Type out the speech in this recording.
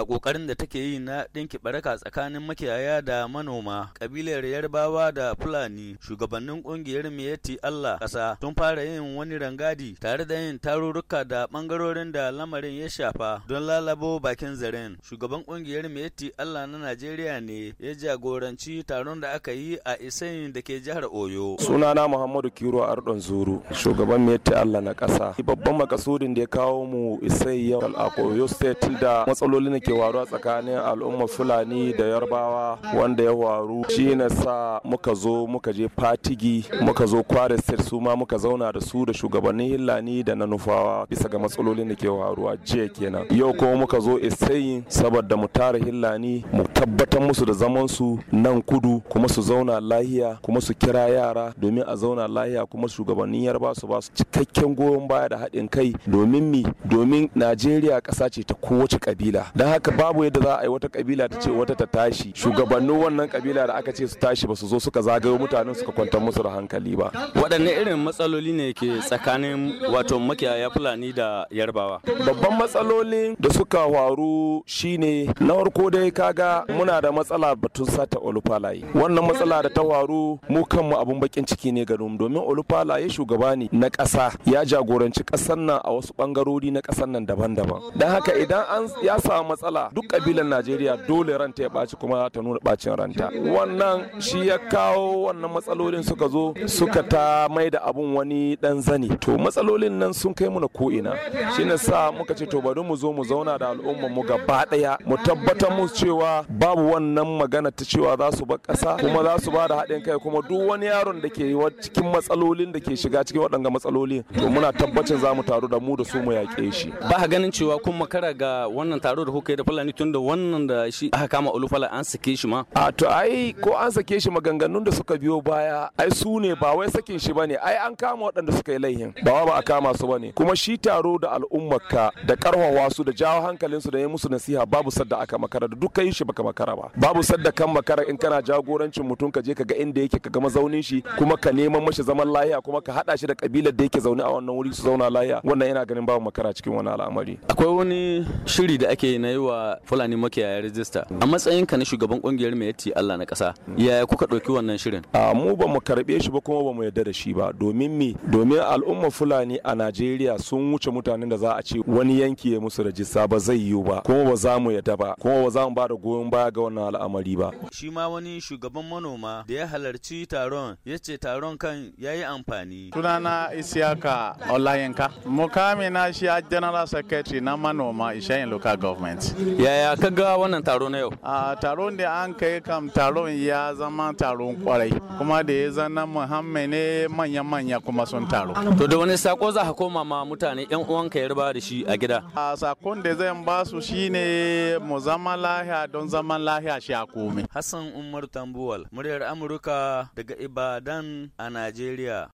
a ƙoƙarin da take yi na ɗinki baraka tsakanin makiyaya da manoma ƙabilar yarbawa da fulani shugabannin ƙungiyar miyati allah ƙasa tun fara yin wani rangadi tare da yin tarurruka da bangarorin da lamarin ya shafa don lalabo bakin zaren shugaban ƙungiyar miyati allah na najeriya ne ya jagoranci taron da aka yi a isayin da ke jihar oyo sunana muhammadu kiro ardon zuru shugaban miyati allah na ƙasa babban makasudin da ya kawo mu isai yau a oyo state da matsalolin da ke a tsakanin al'ummar fulani da yarbawa wanda ya waru shi ne sa muka zo muka je fatigi muka zo kware state su ma muka zauna da su da shugabannin hillani da na nufawa bisa ga matsalolin da ke a jiya kenan yau kuma muka zo isayin saboda mu tara hillani mu tabbatar musu da zaman su nan kudu kuma su zauna lahiya kuma su kira yara domin a zauna lahiya kuma shugabannin yarba su ba su cikakken goyon baya da haɗin kai domin mi domin najeriya ƙasa ce ta kowace ƙabila don haka babu yadda za a yi wata kabila ta ce wata ta tashi shugabannin wannan kabila da aka ce su tashi ba su zo suka zagayo mutanen suka kwantar musu da hankali ba waɗanne irin matsaloli ne ke tsakanin wato makiyaya fulani da yarbawa babban matsalolin da suka faru shine na farko dai kaga muna da matsala batun sata olufalaye wannan matsala da ta faru mu kanmu abun bakin ciki ne ga domin olufalaye shugaba ne na ƙasa ya jagoranci ƙasar nan a wasu ɓangarori na ƙasar nan daban-daban don haka idan an ya samu matsala duk kabilan najeriya dole ranta ya ɓaci kuma ta nuna ɓacin ranta wannan shi ya kawo wannan matsalolin suka zo suka ta mai da abun wani dan zani to matsalolin nan sun kai muna ko ina shi ne sa muka ce to bari mu zo mu zauna da al'ummar mu gaba daya mu tabbatar mu cewa babu wannan magana ta cewa za su bar ƙasa kuma za su ba da haɗin kai kuma duk wani yaron da ke cikin matsalolin da ke shiga cikin waɗanga matsalolin to muna tabbacin za mu taru da mu da su mu yaƙe shi ba ganin cewa kun makara ga wannan taro da kuka kai da fulani tun da wannan da shi aka kama olufala an sake shi ma a to ai ko an sake shi maganganun da suka biyo baya ai su ne ba wai sakin shi bane ai an kama waɗanda suka yi laihin ba ba a kama su bane kuma shi taro da al'ummarka da karwawa su da jawo hankalin su da ya musu nasiha babu sadda aka makara da duk kai shi baka makara ba babu sadda kan makara in kana jagorancin mutum ka je ka ga inda yake ka ga mazaunin shi kuma ka neman mashi zaman lahiya kuma ka hada shi da kabilar da yake zaune a wannan wuri su zauna lahiya wannan yana ganin babu makara cikin wani al'amari akwai wani shiri da ake yi na wa fulani makiyaya rijista a matsayin ka na shugaban kungiyar mai yatti Allah na kasa yaya kuka ɗauki wannan shirin a mu ba mu karbe shi ba kuma ba mu yarda da shi ba domin me domin al'umma fulani a Najeriya sun wuce mutanen da za a ce wani yanki ya musu rajista ba zai yiwu ba kuma ba za mu yarda ba kuma ba za mu ba da goyon baya ga wannan al'amari ba shi ma wani shugaban manoma da ya halarci taron ya ce taron kan ya yi amfani sunana Isiyaka Olayenka mukamina shi a general secretary na manoma Ishayin local government Yaya ka ga wannan taro na yau? A taron da an kai kam taron ya zama taron kwarai kuma da ya zana Muhammad ne manya-manya kuma sun taro. To da wani sako za ka koma ma mutane yan uwanka ya riba da shi a gida? A sakon da zan ba su shine mu zama lahiya don zaman lahiya shi a komai. Hassan Umar Tambuwal, muryar Amurka daga Ibadan a Najeriya.